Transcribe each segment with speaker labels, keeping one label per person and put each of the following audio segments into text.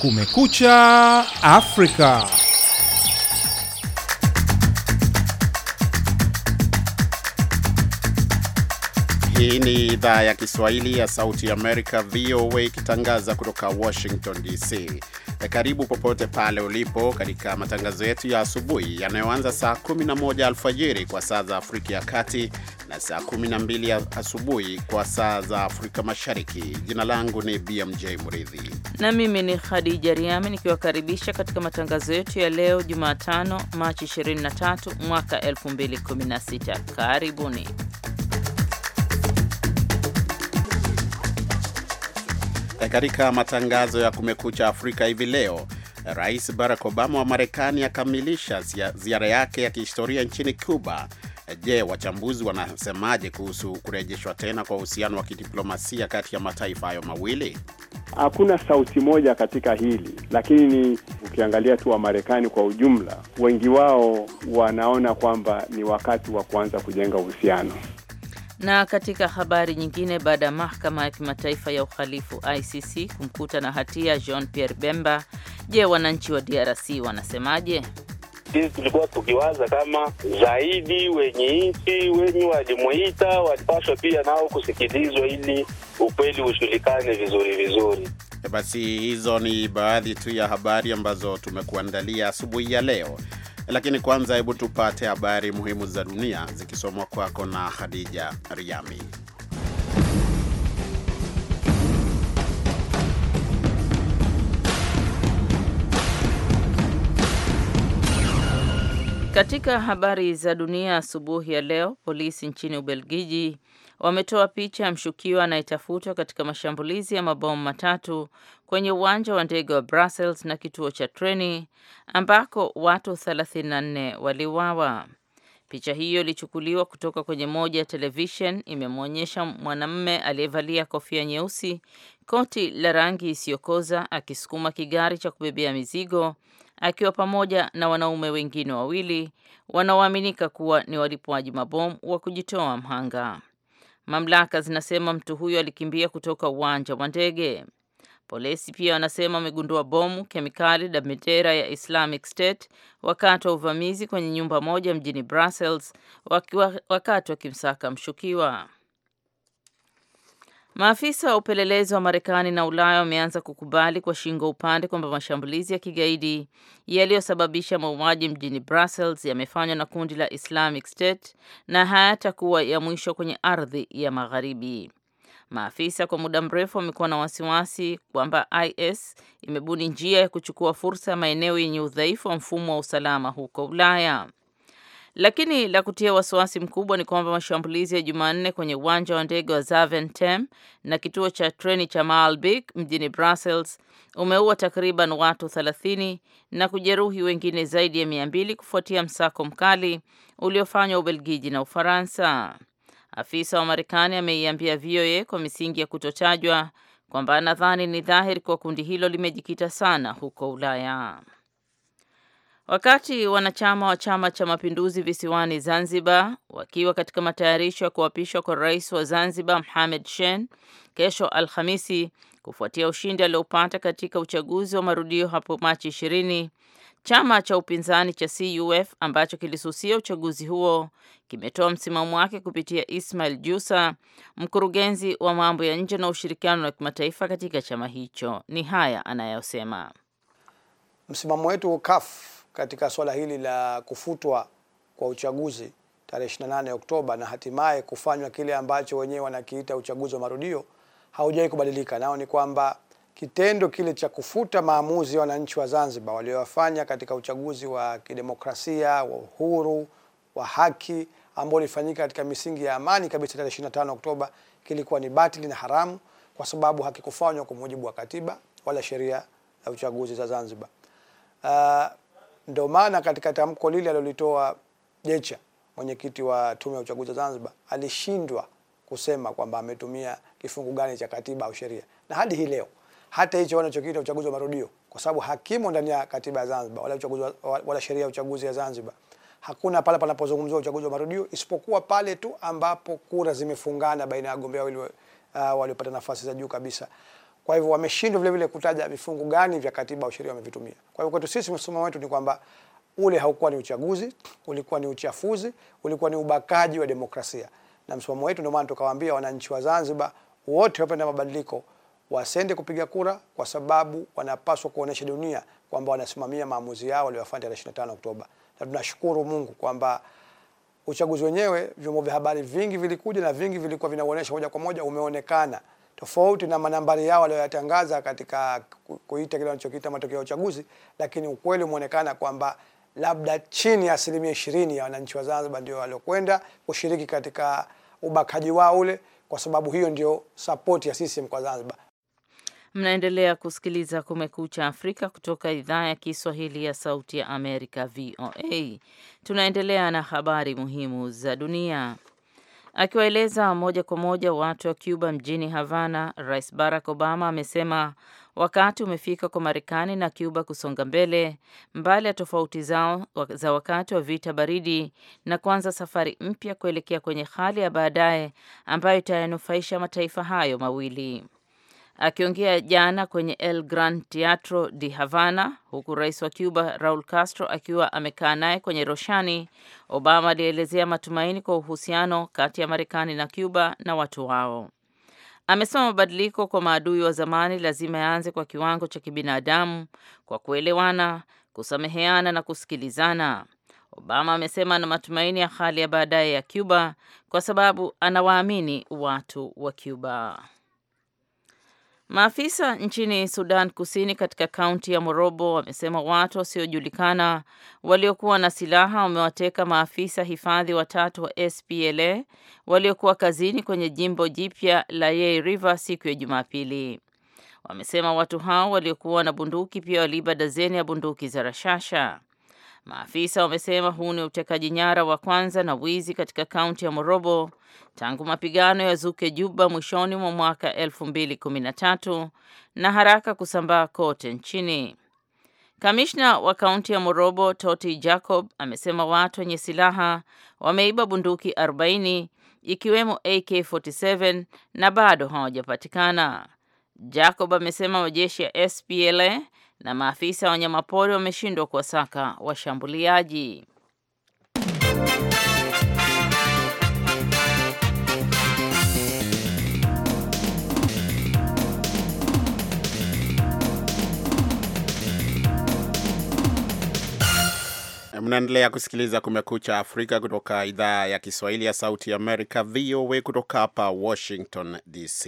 Speaker 1: Kumekucha Afrika.
Speaker 2: Hii ni idhaa ya Kiswahili ya Sauti ya Amerika, VOA, ikitangaza kutoka Washington DC. E, karibu popote pale ulipo katika matangazo yetu ya asubuhi yanayoanza saa 11 alfajiri kwa saa za Afrika ya Kati na saa 12 asubuhi kwa saa za Afrika Mashariki. Jina langu ni BMJ Mridhi
Speaker 3: na mimi ni Khadija Riami nikiwakaribisha katika matangazo yetu ya leo Jumatano, Machi 23 mwaka 2016. Karibuni.
Speaker 2: E, katika matangazo ya Kumekucha Afrika hivi leo, Rais Barack Obama wa Marekani akamilisha ziara yake ya kihistoria nchini Cuba Je, wachambuzi wanasemaje kuhusu kurejeshwa tena kwa uhusiano wa kidiplomasia kati ya mataifa hayo mawili?
Speaker 1: Hakuna sauti moja katika hili, lakini ni ukiangalia tu Wamarekani kwa ujumla, wengi wao wanaona kwamba ni wakati wa kuanza kujenga uhusiano.
Speaker 3: Na katika habari nyingine, baada ya mahakama ya kimataifa ya uhalifu ICC kumkuta na hatia Jean Pierre Bemba, je, wananchi wa DRC wanasemaje? sisi tulikuwa
Speaker 4: tukiwaza kama zaidi wenye nchi wenye walimuita walipashwa pia nao kusikilizwa ili ukweli
Speaker 2: ushulikane
Speaker 4: vizuri vizuri.
Speaker 2: Basi hizo ni baadhi tu ya habari ambazo tumekuandalia asubuhi ya leo, lakini kwanza, hebu tupate habari muhimu za dunia zikisomwa kwako na Khadija Riami.
Speaker 3: Katika habari za dunia asubuhi ya leo, polisi nchini Ubelgiji wametoa picha ya mshukiwa anayetafutwa katika mashambulizi ya mabomu matatu kwenye uwanja wa ndege wa Brussels na kituo cha treni ambako watu 34 waliuawa. Picha hiyo ilichukuliwa kutoka kwenye moja ya televishen, imemwonyesha mwanamme aliyevalia kofia nyeusi, koti la rangi isiyokoza akisukuma kigari cha kubebea mizigo akiwa pamoja na wanaume wengine wawili wanaoaminika kuwa ni walipuaji mabomu wa kujitoa mhanga. Mamlaka zinasema mtu huyo alikimbia kutoka uwanja wa ndege. Polisi pia wanasema wamegundua bomu, kemikali na bendera ya Islamic State wakati wa uvamizi kwenye nyumba moja mjini Brussels, wakati wakimsaka mshukiwa. Maafisa wa upelelezi wa Marekani na Ulaya wameanza kukubali kwa shingo upande kwamba mashambulizi ya kigaidi yaliyosababisha mauaji mjini Brussels yamefanywa na kundi la Islamic State na hayatakuwa ya mwisho kwenye ardhi ya Magharibi. Maafisa kwa muda mrefu wamekuwa na wasiwasi kwamba IS imebuni njia ya kuchukua fursa ya maeneo yenye udhaifu wa mfumo wa usalama huko Ulaya. Lakini la kutia wasiwasi mkubwa ni kwamba mashambulizi ya Jumanne kwenye uwanja wa ndege wa Zaventem na kituo cha treni cha Maalbik mjini Brussels umeua takriban watu 30 na kujeruhi wengine zaidi ya 200 kufuatia msako mkali uliofanywa Ubelgiji na Ufaransa. Afisa wa Marekani ameiambia VOA kwa misingi ya kutotajwa kwamba anadhani ni dhahiri kwa kundi hilo limejikita sana huko Ulaya. Wakati wanachama wa Chama cha Mapinduzi visiwani Zanzibar wakiwa katika matayarisho ya kuapishwa kwa rais wa Zanzibar Mohamed Shein kesho Alhamisi kufuatia ushindi aliopata katika uchaguzi wa marudio hapo Machi 20, chama cha upinzani cha CUF ambacho kilisusia uchaguzi huo kimetoa msimamo wake kupitia Ismail Jusa, mkurugenzi wa mambo ya nje na ushirikiano wa kimataifa katika chama hicho. Ni haya anayosema:
Speaker 5: msimamo wetu ukafu katika swala hili la kufutwa kwa uchaguzi tarehe 28 Oktoba na hatimaye kufanywa kile ambacho wenyewe wanakiita uchaguzi wa marudio haujawai kubadilika. Nao ni kwamba kitendo kile cha kufuta maamuzi ya wananchi wa Zanzibar waliowafanya katika uchaguzi wa kidemokrasia wa uhuru wa haki ambao ulifanyika katika misingi ya amani kabisa tarehe 25 Oktoba kilikuwa ni batili na haramu, kwa sababu hakikufanywa kwa mujibu wa katiba wala sheria za uchaguzi za Zanzibar. Uh, ndio maana katika tamko lile alilotoa Jecha, mwenyekiti wa tume ya uchaguzi wa Zanzibar, alishindwa kusema kwamba ametumia kifungu gani cha katiba au sheria, na hadi hii leo hata hicho wanachokiita uchaguzi wa marudio, kwa sababu hakimo ndani ya katiba ya Zanzibar wala uchaguzi wala sheria ya uchaguzi ya Zanzibar. Hakuna pale panapozungumziwa uchaguzi wa marudio isipokuwa pale tu ambapo kura zimefungana baina ya wagombea wili uh, waliopata nafasi za juu kabisa. Kwa hivyo wameshindwa vile vile kutaja vifungu gani vya katiba au sheria wamevitumia. Kwa hivyo kwetu sisi msimamo wetu ni kwamba ule haukuwa ni uchaguzi, ulikuwa ni uchafuzi, ulikuwa ni ubakaji wa demokrasia. Na msimamo wetu ndio maana tukawaambia wananchi wa Zanzibar wote wapenda mabadiliko wasende kupiga kura, kwa sababu wanapaswa kuonesha dunia kwamba wanasimamia maamuzi yao waliyofanya tarehe 25 Oktoba. Na tunashukuru Mungu kwamba uchaguzi wenyewe, vyombo vya habari vingi vilikuja na vingi vilikuwa vinaonesha moja kwa moja, umeonekana tofauti na manambari yao walioyatangaza katika kuita kile wanachokiita matokeo ya uchaguzi, lakini ukweli umeonekana kwamba labda chini ya asilimia ishirini ya wananchi wa Zanzibar ndio waliokwenda kushiriki katika ubakaji wao ule, kwa sababu hiyo ndio sapoti ya CCM kwa Zanzibar.
Speaker 3: Mnaendelea kusikiliza Kumekucha Afrika kutoka idhaa ya Kiswahili ya Sauti ya Amerika, VOA. Tunaendelea na habari muhimu za dunia. Akiwaeleza moja kwa moja watu wa Cuba mjini Havana, Rais Barack Obama amesema wakati umefika kwa Marekani na Cuba kusonga mbele mbali ya tofauti zao za wakati wa vita baridi na kuanza safari mpya kuelekea kwenye hali ya baadaye ambayo itayanufaisha mataifa hayo mawili. Akiongea jana kwenye El Gran Teatro di Havana, huku rais wa Cuba Raul Castro akiwa amekaa naye kwenye roshani, Obama alielezea matumaini kwa uhusiano kati ya Marekani na Cuba na watu wao. Amesema mabadiliko kwa maadui wa zamani lazima yaanze kwa kiwango cha kibinadamu, kwa kuelewana, kusameheana na kusikilizana. Obama amesema ana matumaini ya hali ya baadaye ya Cuba kwa sababu anawaamini watu wa Cuba. Maafisa nchini Sudan Kusini katika kaunti ya Morobo wamesema watu wasiojulikana waliokuwa na silaha wamewateka maafisa hifadhi watatu wa SPLA waliokuwa kazini kwenye jimbo jipya la Yei River siku ya Jumapili. Wamesema watu hao waliokuwa na bunduki pia waliiba dazeni ya bunduki za rashasha. Maafisa wamesema huu ni utekaji nyara wa kwanza na wizi katika kaunti ya Morobo tangu mapigano ya zuke Juba mwishoni mwa mwaka 2013 na haraka kusambaa kote nchini. Kamishna wa kaunti ya Morobo Toti Jacob amesema watu wenye silaha wameiba bunduki 40 ikiwemo AK47 na bado hawajapatikana. Jacob amesema majeshi ya SPLA na maafisa wa wanyamapori wameshindwa kuwasaka washambuliaji.
Speaker 2: Mnaendelea kusikiliza Kumekucha Afrika kutoka idhaa ya Kiswahili ya Sauti Amerika, VOA, kutoka hapa Washington DC.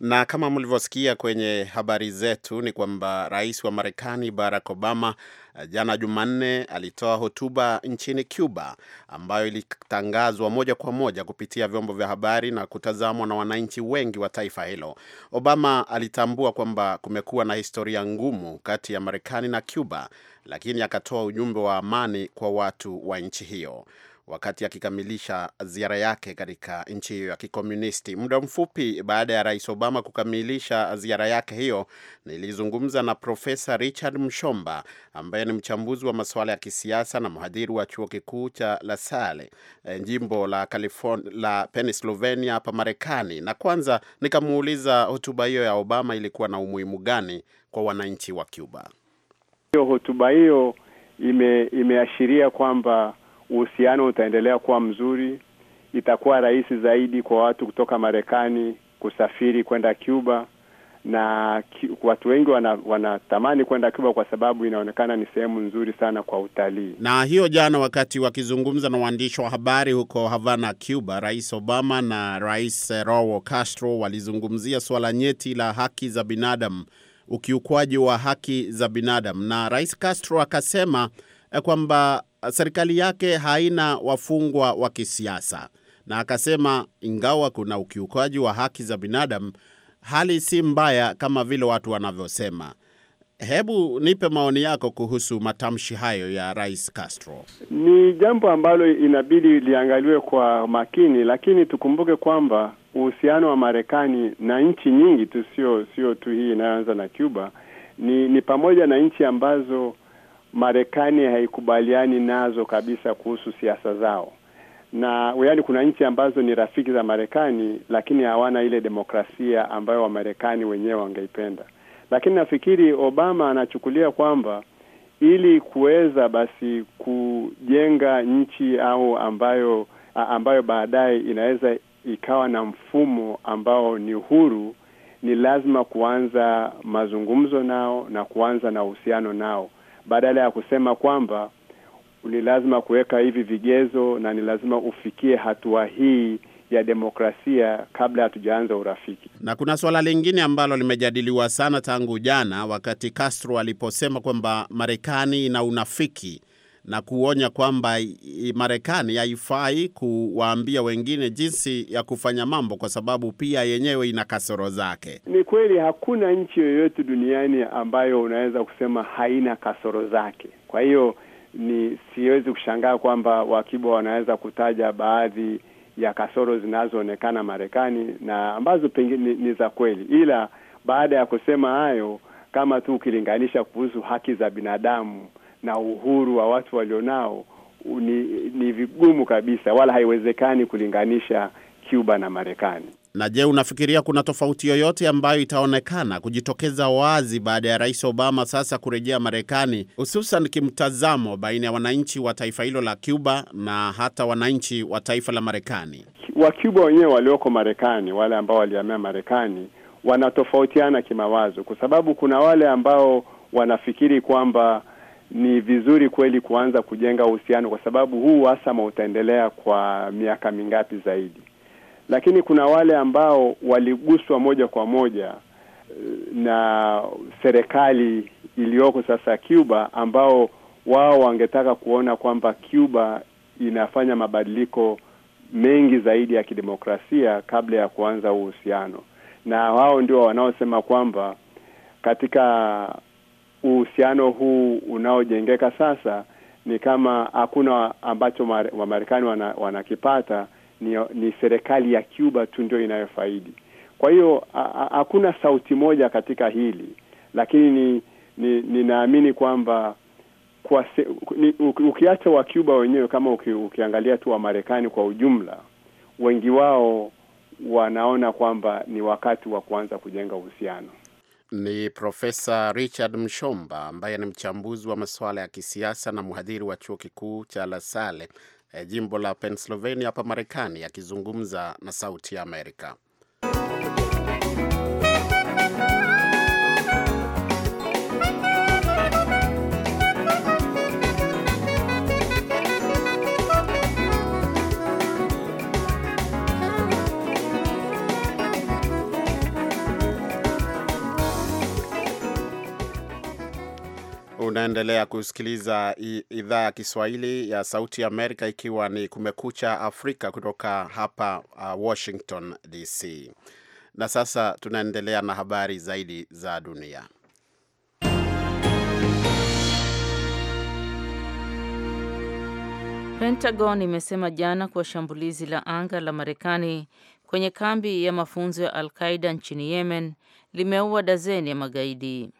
Speaker 2: Na kama mlivyosikia kwenye habari zetu, ni kwamba rais wa Marekani Barack Obama eh, jana Jumanne alitoa hotuba nchini Cuba ambayo ilitangazwa moja kwa moja kupitia vyombo vya habari na kutazamwa na wananchi wengi wa taifa hilo. Obama alitambua kwamba kumekuwa na historia ngumu kati ya Marekani na Cuba lakini akatoa ujumbe wa amani kwa watu wa nchi hiyo wakati akikamilisha ziara yake katika nchi hiyo ya kikomunisti. Muda mfupi baada ya Rais Obama kukamilisha ziara yake hiyo, nilizungumza na Profesa Richard Mshomba ambaye ni mchambuzi wa masuala ya kisiasa na mhadhiri wa chuo kikuu cha La Salle eh, jimbo la California, la Pennsylvania hapa Marekani, na kwanza nikamuuliza hotuba hiyo ya Obama ilikuwa na umuhimu gani kwa wananchi wa Cuba.
Speaker 1: Hiyo hotuba hiyo ime, imeashiria kwamba uhusiano utaendelea kuwa mzuri. Itakuwa rahisi zaidi kwa watu kutoka Marekani kusafiri kwenda Cuba na watu wengi wanatamani wana kwenda Cuba kwa sababu inaonekana ni sehemu nzuri sana kwa utalii.
Speaker 2: Na hiyo jana, wakati wakizungumza na waandishi wa habari huko Havana, Cuba, Rais Obama na Rais Raul Castro walizungumzia suala nyeti la haki za binadamu ukiukwaji wa haki za binadamu, na Rais Castro akasema eh, kwamba serikali yake haina wafungwa wa kisiasa, na akasema ingawa kuna ukiukwaji wa haki za binadamu, hali si mbaya kama vile watu wanavyosema. Hebu nipe maoni yako kuhusu matamshi hayo ya Rais Castro.
Speaker 1: Ni jambo ambalo inabidi liangaliwe kwa makini, lakini tukumbuke kwamba uhusiano wa Marekani na nchi nyingi tu, sio sio tu hii inayoanza na Cuba, ni ni pamoja na nchi ambazo Marekani haikubaliani nazo kabisa kuhusu siasa zao, na yaani kuna nchi ambazo ni rafiki za Marekani lakini hawana ile demokrasia ambayo Wamarekani wenyewe wangeipenda. Lakini nafikiri Obama anachukulia kwamba ili kuweza basi kujenga nchi au ambayo ambayo baadaye inaweza ikawa na mfumo ambao ni huru, ni lazima kuanza mazungumzo nao na kuanza na uhusiano nao, badala ya kusema kwamba ni lazima kuweka hivi vigezo na ni lazima ufikie hatua hii ya demokrasia kabla hatujaanza urafiki.
Speaker 2: Na kuna suala lingine ambalo limejadiliwa sana tangu jana, wakati Castro aliposema kwamba Marekani ina unafiki na kuonya kwamba Marekani haifai kuwaambia wengine jinsi ya kufanya mambo kwa sababu pia yenyewe ina kasoro zake.
Speaker 1: Ni kweli, hakuna nchi yoyote duniani ambayo unaweza kusema haina kasoro zake. Kwa hiyo ni siwezi kushangaa kwamba wakibwa wanaweza kutaja baadhi ya kasoro zinazoonekana Marekani na ambazo pengine ni za kweli, ila baada ya kusema hayo, kama tu ukilinganisha kuhusu haki za binadamu na uhuru wa watu walionao ni, ni vigumu kabisa wala haiwezekani kulinganisha Cuba na Marekani.
Speaker 2: Na je, unafikiria kuna tofauti yoyote ambayo itaonekana kujitokeza wazi baada ya Rais Obama sasa kurejea Marekani, hususan kimtazamo baina ya wananchi wa taifa hilo la Cuba na hata wananchi wa taifa la Marekani?
Speaker 1: Wacuba wenyewe walioko Marekani, wale ambao walihamia Marekani, wanatofautiana kimawazo, kwa sababu kuna wale ambao wanafikiri kwamba ni vizuri kweli kuanza kujenga uhusiano, kwa sababu huu uhasama utaendelea kwa miaka mingapi zaidi. Lakini kuna wale ambao waliguswa moja kwa moja eh, na serikali iliyoko sasa Cuba, ambao wao wangetaka kuona kwamba Cuba inafanya mabadiliko mengi zaidi ya kidemokrasia kabla ya kuanza uhusiano, na wao ndio wanaosema kwamba katika uhusiano huu unaojengeka sasa ni kama hakuna ambacho Wamarekani wana, wanakipata ni, ni serikali ya Cuba tu ndio inayofaidi. Kwa hiyo hakuna sauti moja katika hili, lakini ninaamini ni, ni kwamba kwa se, ni, ukiacha wa Cuba wenyewe kama uki, ukiangalia tu Wamarekani kwa ujumla, wengi wao wanaona kwamba ni wakati wa kuanza kujenga
Speaker 2: uhusiano ni Profesa Richard Mshomba ambaye ni mchambuzi wa masuala ya kisiasa na mhadhiri wa chuo kikuu cha lasale eh, jimbo la Pennsylvania hapa Marekani, akizungumza na Sauti ya Amerika. Unaendelea kusikiliza idhaa ya Kiswahili ya Sauti Amerika, ikiwa ni Kumekucha Afrika kutoka hapa uh, Washington DC. Na sasa tunaendelea na habari zaidi za dunia.
Speaker 3: Pentagon imesema jana kuwa shambulizi la anga la Marekani kwenye kambi ya mafunzo ya Al-Qaida nchini Yemen limeua dazeni ya magaidi.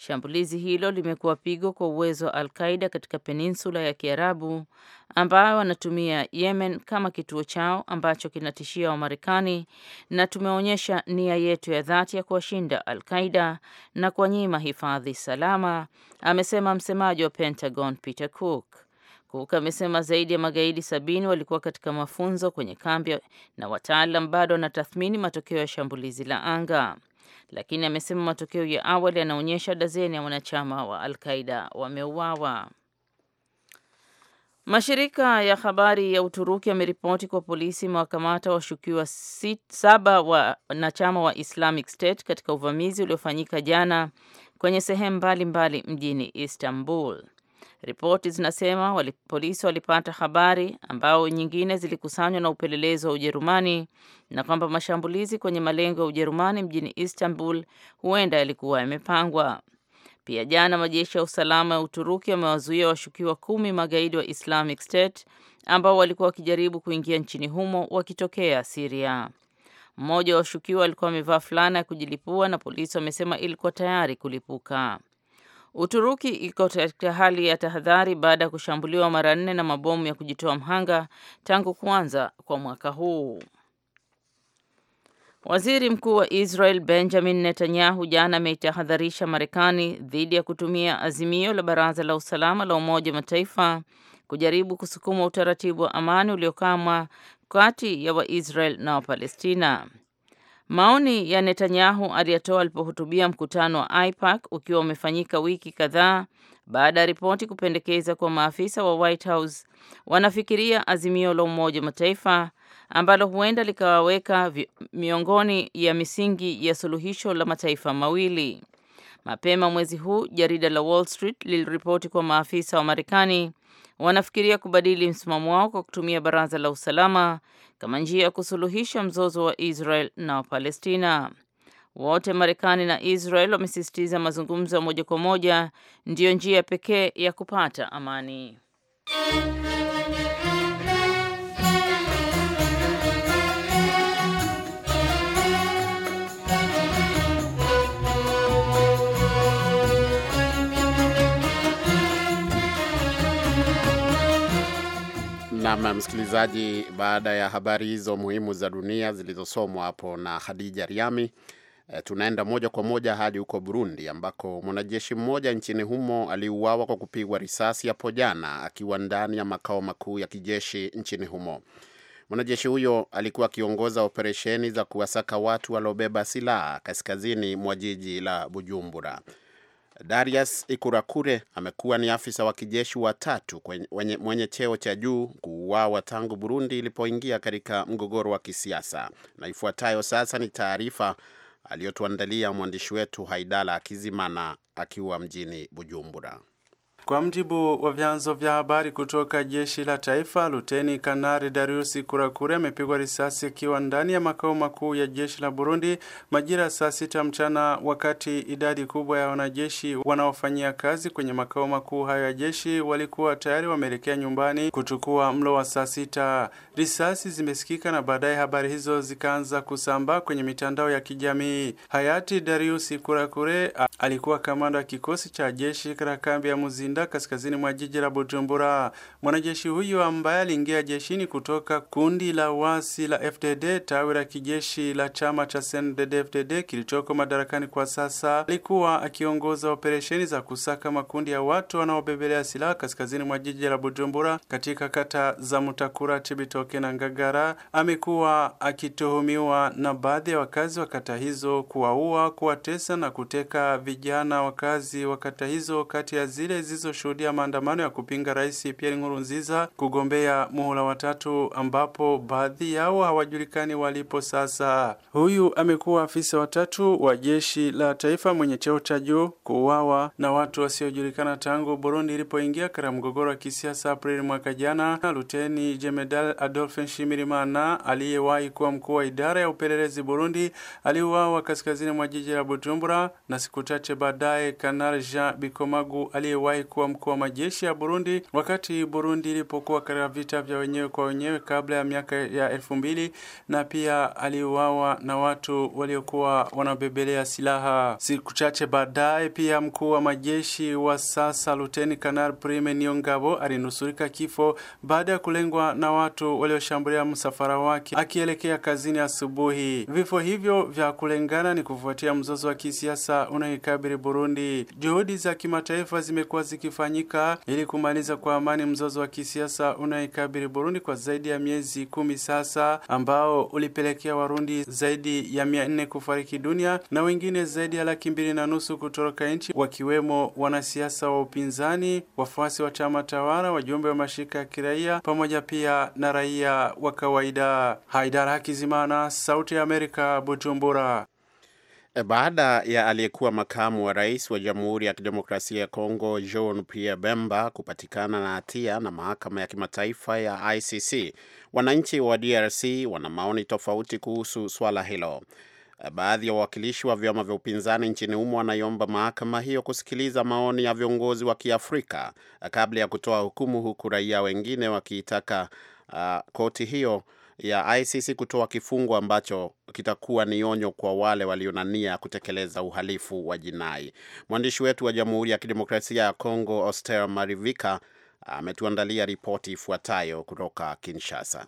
Speaker 3: Shambulizi hilo limekuwa pigo kwa uwezo wa Al-Qaida katika peninsula ya Kiarabu ambayo wanatumia Yemen kama kituo chao ambacho kinatishia Wamarekani na tumeonyesha nia yetu ya dhati ya kuwashinda Al-Qaida na kuwanyima hifadhi salama, amesema msemaji wa Pentagon Peter Cook. Cook amesema zaidi ya magaidi sabini walikuwa katika mafunzo kwenye kambi na wataalam bado wanatathmini matokeo ya shambulizi la anga lakini amesema matokeo ya awali yanaonyesha dazeni ya wanachama wa alqaida wameuawa. Mashirika ya habari ya Uturuki yameripoti kwa polisi mawakamata washukiwa saba wanachama wa Islamic State katika uvamizi uliofanyika jana kwenye sehemu mbalimbali mjini Istanbul. Ripoti zinasema wali, polisi walipata habari ambao nyingine zilikusanywa na upelelezi wa Ujerumani na kwamba mashambulizi kwenye malengo ya Ujerumani mjini Istanbul huenda yalikuwa yamepangwa. Pia jana majeshi ya usalama ya Uturuki yamewazuia washukiwa kumi magaidi wa Islamic State ambao walikuwa wakijaribu kuingia nchini humo wakitokea Siria. Mmoja wa washukiwa alikuwa amevaa fulana ya kujilipua na polisi wamesema ilikuwa tayari kulipuka. Uturuki iko katika hali ya tahadhari baada ya kushambuliwa mara nne na mabomu ya kujitoa mhanga tangu kuanza kwa mwaka huu. Waziri Mkuu wa Israel Benjamin Netanyahu jana ameitahadharisha Marekani dhidi ya kutumia azimio la Baraza la Usalama la Umoja wa Mataifa kujaribu kusukuma utaratibu wa amani uliokamwa kati ya Waisrael na Wapalestina. Maoni ya Netanyahu aliyatoa alipohutubia mkutano wa AIPAC ukiwa umefanyika wiki kadhaa baada ya ripoti kupendekeza kuwa maafisa wa White House wanafikiria azimio la Umoja Mataifa ambalo huenda likawaweka miongoni ya misingi ya suluhisho la mataifa mawili. Mapema mwezi huu jarida la Wall Street liliripoti kuwa maafisa wa Marekani wanafikiria kubadili msimamo wao kwa kutumia Baraza la Usalama kama njia ya kusuluhisha mzozo wa Israel na Wapalestina. Wote Marekani na Israel wamesisitiza mazungumzo ya moja kwa moja ndiyo njia pekee ya kupata amani.
Speaker 2: msikilizaji, baada ya habari hizo muhimu za dunia zilizosomwa hapo na Khadija Riami, e, tunaenda moja kwa moja hadi huko Burundi ambako mwanajeshi mmoja nchini humo aliuawa kwa kupigwa risasi hapo jana akiwa ndani ya makao makuu ya kijeshi nchini humo. Mwanajeshi huyo alikuwa akiongoza operesheni za kuwasaka watu waliobeba silaha kaskazini mwa jiji la Bujumbura. Darius Ikurakure amekuwa ni afisa wa kijeshi wa tatu mwenye cheo cha juu kuuawa tangu Burundi ilipoingia katika mgogoro wa kisiasa. Na ifuatayo sasa ni taarifa aliyotuandalia mwandishi wetu Haidala Akizimana akiwa mjini Bujumbura.
Speaker 6: Kwa mjibu wa vyanzo vya habari kutoka jeshi la taifa, luteni kanari Darius Kurakure amepigwa risasi akiwa ndani ya makao makuu ya jeshi la Burundi majira saa sita mchana, wakati idadi kubwa ya wanajeshi wanaofanyia kazi kwenye makao makuu hayo ya jeshi walikuwa tayari wameelekea nyumbani kuchukua mlo wa saa sita. Risasi zimesikika na baadaye habari hizo zikaanza kusambaa kwenye mitandao ya kijamii. Hayati Darius Kurakure alikuwa kamanda wa kikosi cha jeshi katika kambi ya Muzinda Rwanda, kaskazini mwa jiji la Bujumbura. Mwanajeshi huyu ambaye aliingia jeshini kutoka kundi la wasi la FDD tawi la kijeshi la chama cha CNDD-FDD kilichoko madarakani kwa sasa, alikuwa akiongoza operesheni za kusaka makundi ya watu wanaobebelea silaha kaskazini mwa jiji la Bujumbura katika kata za Mutakura, Chibitoke na Ngagara. Amekuwa akituhumiwa na baadhi ya wakazi wa kata hizo kuwaua, kuwatesa na kuteka vijana wakazi wa kata hizo kati ya zile zizo zilizoshuhudia maandamano ya kupinga Rais Pierre Nkurunziza kugombea muhula watatu, ambapo baadhi yao hawajulikani walipo sasa. Huyu amekuwa afisa watatu wa jeshi la taifa mwenye cheo cha juu kuuawa na watu wasiojulikana tangu Burundi ilipoingia katika mgogoro wa kisiasa Aprili mwaka jana. Luteni Jemedal Adolphe Nshimirimana aliyewahi kuwa mkuu wa idara ya upelelezi Burundi aliuawa kaskazini mwa jiji la Bujumbura, na siku chache baadaye kanal Jean Bikomagu aliyewahi aliyekuwa mkuu wa majeshi ya Burundi wakati Burundi ilipokuwa katika vita vya wenyewe kwa wenyewe kabla ya miaka ya elfu mbili na pia aliuawa na watu waliokuwa wanabebelea silaha. Siku chache baadaye, pia mkuu wa majeshi wa sasa Luteni Kanali Prime Niyongabo alinusurika kifo baada ya kulengwa na watu walioshambulia msafara wake akielekea kazini asubuhi. Vifo hivyo vya kulengana ni kufuatia mzozo wa kisiasa unaoikabili Burundi. Juhudi za kimataifa zimekuwa zikifanyika ili kumaliza kwa amani mzozo wa kisiasa unaoikabili Burundi kwa zaidi ya miezi kumi sasa, ambao ulipelekea Warundi zaidi ya mia nne kufariki dunia na wengine zaidi ya laki mbili na nusu kutoroka nchi, wakiwemo wanasiasa wa upinzani, wafuasi wa chama tawala, wajumbe wa mashirika ya kiraia, pamoja pia na raia wa kawaida. Haidara Hakizimana, Sauti ya Amerika, Bujumbura. Baada
Speaker 2: ya aliyekuwa makamu wa rais wa Jamhuri ya Kidemokrasia ya Kongo Jean Pierre Bemba kupatikana na hatia na mahakama ya kimataifa ya ICC, wananchi wa DRC wana maoni tofauti kuhusu swala hilo. Baadhi ya wawakilishi wa vyama vya upinzani nchini humo wanaiomba mahakama hiyo kusikiliza maoni ya viongozi wa Kiafrika kabla ya kutoa hukumu, huku raia wengine wakiitaka uh, koti hiyo ya ICC kutoa kifungo ambacho kitakuwa ni onyo kwa wale walionania kutekeleza uhalifu wa jinai. Mwandishi wetu wa Jamhuri ya Kidemokrasia ya Kongo, Oster Marivika, ametuandalia ripoti ifuatayo kutoka Kinshasa.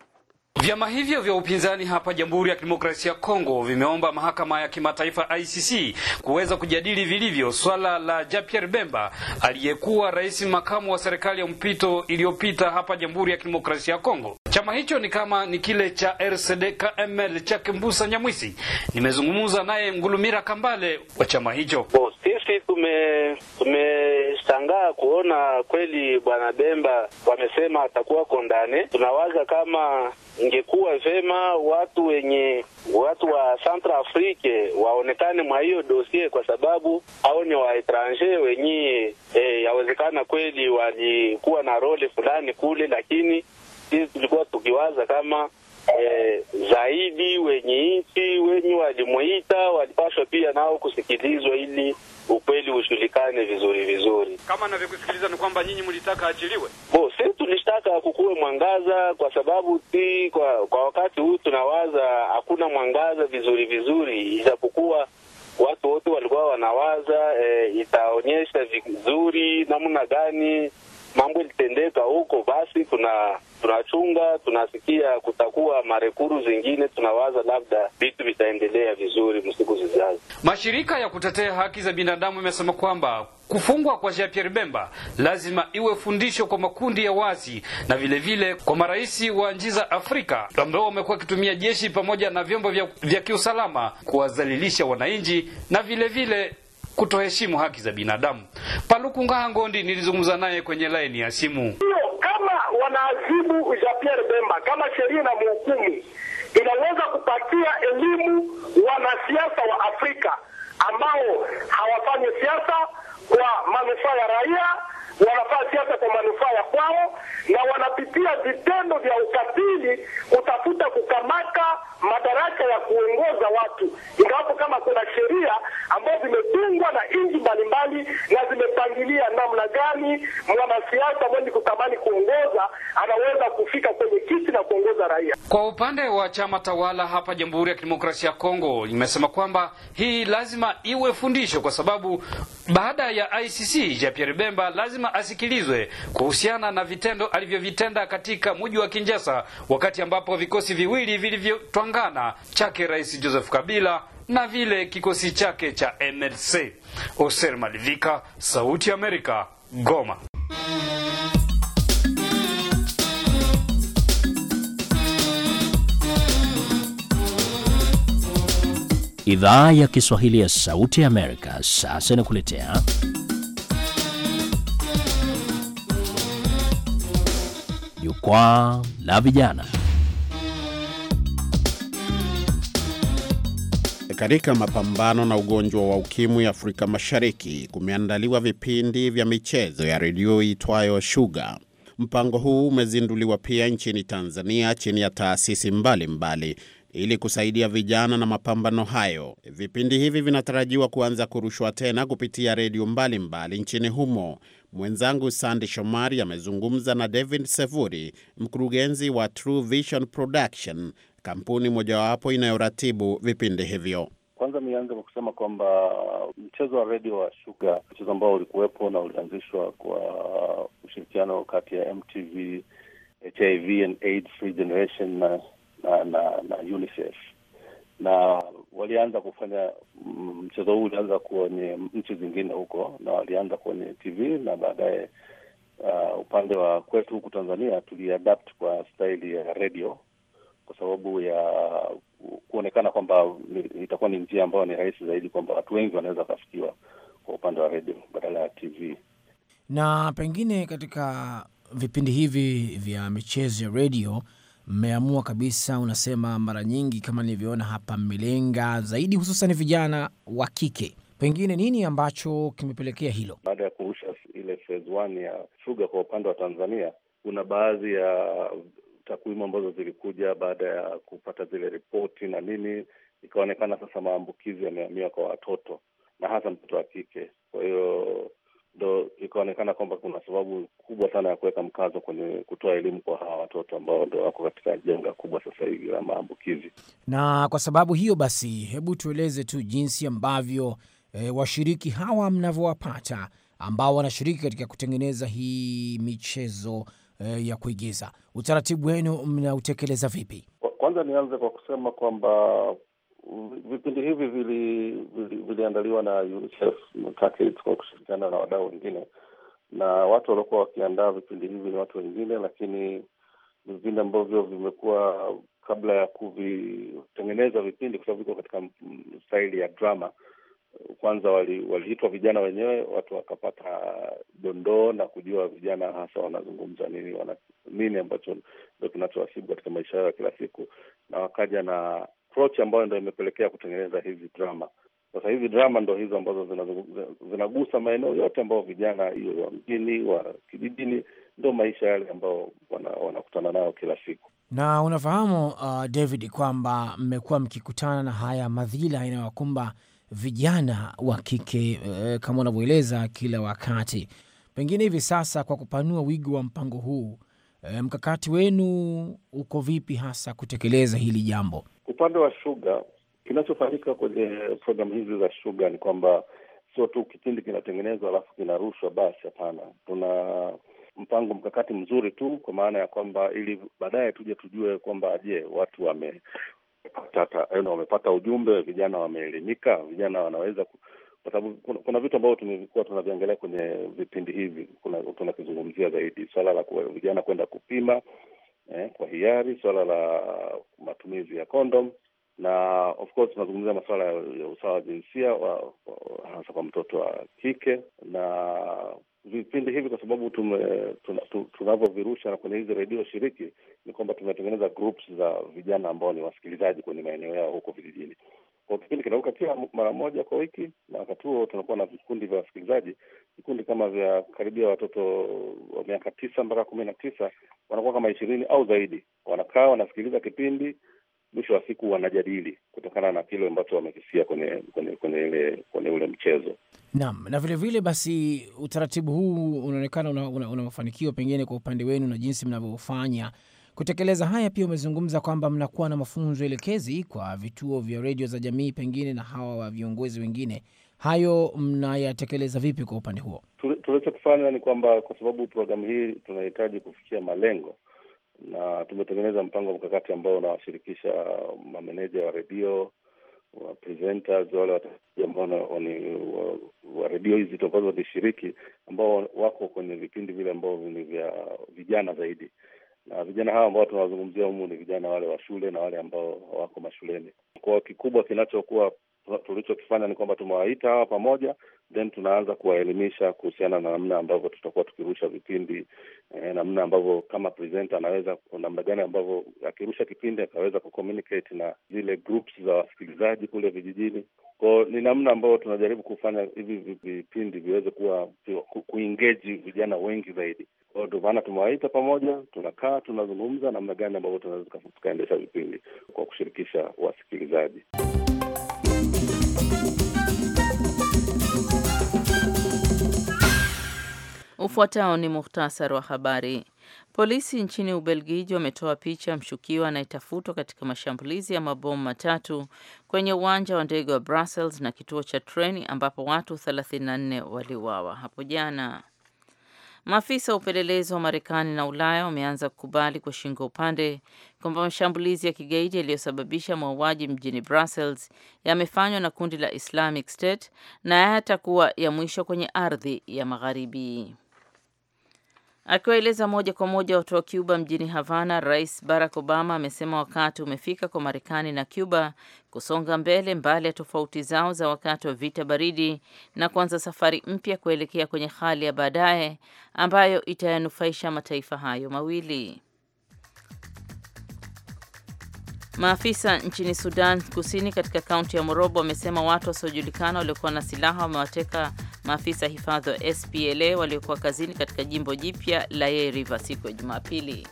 Speaker 7: Vyama hivyo vya upinzani hapa Jamhuri ya Kidemokrasia ya Kongo vimeomba mahakama ya kimataifa ICC kuweza kujadili vilivyo swala la Jean Pierre Bemba aliyekuwa rais makamu wa serikali ya mpito iliyopita hapa Jamhuri ya Kidemokrasia ya Kongo. Chama hicho ni kama ni kile cha RCD KML cha Kimbusa Nyamwisi. Nimezungumza naye Ngulumira Kambale wa chama hicho. Oh,
Speaker 4: sisi tume tumeshangaa kuona kweli bwana Bemba wamesema atakuwa kondane. Tunawaza kama ingekuwa vema watu wenye watu wa Central Afrique waonekane mwa hiyo dosie, kwa sababu au ni waetranje wenyewe eh, yawezekana kweli walikuwa na role fulani kule, lakini sisi tulikuwa tukiwaza kama e, zaidi wenye nchi wenye walimuita walipashwa pia nao kusikilizwa ili ukweli ushulikane vizuri vizuri. Kama navyokusikiliza ni kwamba nyinyi mlitaka achiliwe bo? Sisi tulishtaka kukuwe mwangaza, kwa sababu si kwa, kwa wakati huu tunawaza hakuna mwangaza vizuri vizuri, ijapokuwa watu wote walikuwa wanawaza e, itaonyesha vizuri namna gani mambo ilitendeka huko, basi tuna tunachunga, tunasikia kutakuwa marekuru zingine, tunawaza labda vitu vitaendelea vizuri msiku zijazo.
Speaker 7: Mashirika ya kutetea haki za binadamu yamesema kwamba kufungwa kwa Jean Pierre Bemba lazima iwe fundisho kwa makundi ya wazi na vilevile vile kwa marais wa nchi za Afrika ambao wamekuwa wakitumia jeshi pamoja na vyombo vya, vya kiusalama kuwazalilisha wananchi na vilevile vile kutoheshimu haki za binadamu. Paluku Ngaha Ngondi nilizungumza naye kwenye laini ya simu.
Speaker 4: Kama wanaadhibu Jean Pierre Bemba, kama sheria na mhukumu inaweza kupatia elimu wanasiasa wa Afrika ambao hawafanyi siasa kwa manufaa ya raia wanafaa siasa kwa manufaa ya kwao, na wanapitia vitendo vya ukatili kutafuta kukamata madaraka ya kuongoza watu, ingawapo kama kuna sheria ambazo zimetungwa na nchi mbalimbali na zimepangilia namna gani mwanasiasa mwenye kutamani kuongoza anaweza kufika kwenye kiti na kuongoza raia.
Speaker 7: Kwa upande wa chama tawala hapa Jamhuri ya Kidemokrasia ya Kongo, imesema kwamba hii lazima iwe fundisho, kwa sababu baada ya ICC Jean Pierre Bemba lazima asikilizwe kuhusiana na vitendo alivyovitenda katika mji wa Kinjasa wakati ambapo vikosi viwili vilivyotwangana chake Rais Joseph Kabila na vile kikosi chake cha MLC. Oser Malivika, Sauti ya Amerika, Goma.
Speaker 1: Idhaa ya Kiswahili ya Sauti ya Amerika sasa inakuletea
Speaker 2: Jukwaa la Vijana. Katika mapambano na ugonjwa wa ukimwi Afrika Mashariki, kumeandaliwa vipindi vya michezo ya redio itwayo Shuga. Mpango huu umezinduliwa pia nchini Tanzania chini ya taasisi mbalimbali mbali, ili kusaidia vijana na mapambano hayo. Vipindi hivi vinatarajiwa kuanza kurushwa tena kupitia redio mbalimbali nchini humo. Mwenzangu Sandi Shomari amezungumza na David Sevuri, mkurugenzi wa True Vision Production, kampuni mojawapo inayoratibu vipindi hivyo.
Speaker 8: Kwanza nianze kwa kusema kwamba mchezo wa redio wa Shuga, mchezo ambao ulikuwepo na ulianzishwa kwa ushirikiano kati ya MTV HIV and AIDS Free Generation na na, na, na UNICEF na walianza kufanya mm, mchezo huu ulianza kwenye nchi zingine huko, na walianza kwenye TV na baadaye uh, upande wa kwetu huku Tanzania tuliadapt kwa staili ya redio kwa sababu ya kuonekana kwamba itakuwa ni njia ambayo ni rahisi zaidi, kwamba watu wengi wanaweza wakafikiwa kwa upande wa redio badala ya TV.
Speaker 9: Na pengine katika vipindi hivi vya michezo ya redio mmeamua kabisa, unasema mara nyingi kama nilivyoona hapa, mmelenga zaidi hususan vijana wa kike pengine nini ambacho kimepelekea hilo?
Speaker 8: Baada ya kurusha ile phase one ya shuga kwa upande wa Tanzania, kuna baadhi ya takwimu ambazo zilikuja baada ya kupata zile ripoti na nini, ikaonekana sasa maambukizi yamehamia kwa watoto na hasa mtoto wa kike. Kwa hiyo ndo ikaonekana kwamba kuna sababu kubwa sana ya kuweka mkazo kwenye kutoa elimu kwa hawa watoto ambao ndo wako katika janga kubwa sasa hivi la maambukizi.
Speaker 9: Na kwa sababu hiyo basi, hebu tueleze tu jinsi ambavyo e, washiriki hawa mnavyowapata ambao wanashiriki katika kutengeneza hii michezo e, ya kuigiza, utaratibu wenu mnautekeleza vipi?
Speaker 8: Kwanza nianze kwa kusema kwamba vipindi hivi viliandaliwa vili, vili na UNICEF kwa kushirikiana na wadau wengine, na watu waliokuwa wakiandaa vipindi hivi ni watu wengine, lakini vipindi ambavyo vimekuwa kabla ya kuvitengeneza vipindi, kwa sababu viko katika staili ya drama, kwanza waliitwa wali vijana wenyewe, watu wakapata dondoo na kujua vijana hasa wanazungumza nini, wana nini ambacho ndo kinachowasibu katika maisha yao ya kila siku, na wakaja na approach ambayo ndo imepelekea kutengeneza hizi drama. Sasa hizi drama ndo hizo ambazo zinagusa maeneo yote ambayo vijana, hiyo wa mjini, wa kijijini, ndo maisha yale ambayo wanakutana wana nayo kila siku.
Speaker 9: Na unafahamu uh, David kwamba mmekuwa mkikutana na haya madhila inayowakumba vijana wa kike uh, kama unavyoeleza kila wakati. Pengine hivi sasa kwa kupanua wigo wa mpango huu eh, mkakati wenu uko vipi hasa kutekeleza hili jambo?
Speaker 8: upande wa shuga, kinachofanyika kwenye programu hizi za shuga ni kwamba sio tu kipindi kinatengenezwa alafu kinarushwa basi. Hapana, tuna mpango mkakati mzuri tu, kwa maana ya kwamba ili baadaye tuje tujue kwamba je, watu wamepata wamepata ujumbe, vijana wameelimika, vijana wanaweza kwa sababu kuna, kuna vitu ambavyo tumekuwa tunaviangalia kwenye vipindi hivi, kuna tunakizungumzia zaidi swala la vijana kwenda kupima eh, kwa hiari, suala la matumizi ya kondom na of course tunazungumzia masuala ya usawa wa jinsia hasa kwa mtoto wa kike na vipindi hivi, kwa sababu tunavyovirusha tuna, kwenye hizi redio shiriki, ni kwamba tumetengeneza groups za vijana ambao ni wasikilizaji kwenye maeneo yao huko vijijini kwa kipindi kinauka kila mara moja kwa wiki, na wakati huo tunakuwa na vikundi vya wasikilizaji, vikundi kama vya karibia watoto wa miaka tisa mpaka kumi na tisa wanakuwa kama ishirini au zaidi, wanakaa wanasikiliza kipindi, mwisho wa siku wanajadili kutokana na kile ambacho wamekisia kwenye kwenye kwenye ile kwenye ule mchezo.
Speaker 9: Naam, na vilevile vile basi utaratibu huu unaonekana una, una, una mafanikio pengine kwa upande wenu na jinsi mnavyofanya Kutekeleza haya, pia umezungumza kwamba mnakuwa na mafunzo elekezi kwa vituo vya redio za jamii pengine na hawa wa viongozi wengine. Hayo mnayatekeleza vipi kwa upande huo?
Speaker 8: Tulichokifanya ni kwamba kwa sababu programu hii tunahitaji kufikia malengo, na tumetengeneza mpango mkakati ambao unawashirikisha mameneja wa redio wa presenters wale ambao ni wa, wa redio hizi ambazo walishiriki ambao wako kwenye vipindi vile ambao ni vya vijana zaidi na vijana hawa ambao tunawazungumzia humu ni vijana wale wa shule na wale ambao wako mashuleni. Kwa kikubwa kinachokuwa tulichokifanya ni kwamba tumewaita hawa pamoja, then tunaanza kuwaelimisha kuhusiana na namna ambavyo tutakuwa tukirusha vipindi eh, namna ambavyo kama presenter anaweza, namna gani ambavyo akirusha kipindi akaweza kucommunicate na zile groups za wasikilizaji kule vijijini kwao. Ni namna ambayo tunajaribu kufanya hivi vipindi viweze kuwa kuingeji vijana wengi zaidi. Kwao ndio maana tumewaita pamoja, tunakaa tunazungumza namna gani ambavyo tunaweza tukaendesha vipindi kwa kushirikisha wasikilizaji.
Speaker 3: Ufuatao ni muhtasari wa habari. Polisi nchini Ubelgiji wametoa picha mshukiwa anayetafutwa katika mashambulizi ya mabomu matatu kwenye uwanja wa ndege wa Brussels na kituo cha treni ambapo watu 34 waliuawa hapo jana. Maafisa wa upelelezi wa Marekani na Ulaya wameanza kukubali kwa shingo upande kwamba mashambulizi ya kigaidi yaliyosababisha mauaji mjini Brussels yamefanywa na kundi la Islamic State na hayatakuwa ya mwisho kwenye ardhi ya Magharibi. Akiwaeleza moja kwa moja watu wa Cuba mjini Havana, Rais Barack Obama amesema wakati umefika kwa Marekani na Cuba kusonga mbele mbali ya tofauti zao za wakati wa vita baridi na kuanza safari mpya kuelekea kwenye hali ya baadaye ambayo itayanufaisha mataifa hayo mawili. Maafisa nchini Sudan Kusini katika kaunti ya Morobo wamesema watu wasiojulikana waliokuwa na silaha wamewateka maafisa hifadhi wa SPLA waliokuwa kazini katika jimbo jipya la Yei River siku ya Jumapili.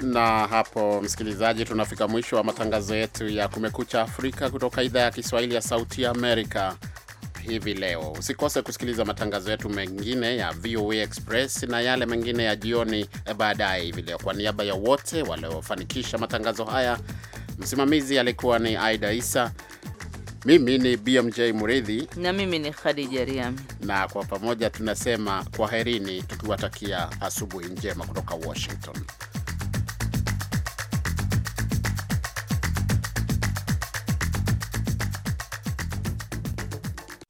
Speaker 2: Na hapo, msikilizaji, tunafika mwisho wa matangazo yetu ya Kumekucha Afrika kutoka idhaa ya Kiswahili ya Sauti ya Amerika hivi leo. Usikose kusikiliza matangazo yetu mengine ya VOA Express na yale mengine ya jioni baadaye hivi leo. Kwa niaba ya wote waliofanikisha matangazo haya, msimamizi alikuwa ni Aida Isa, mimi ni BMJ Muridhi na
Speaker 3: mimi ni Khadija Riami,
Speaker 2: na kwa pamoja tunasema kwaherini tukiwatakia asubuhi njema kutoka Washington.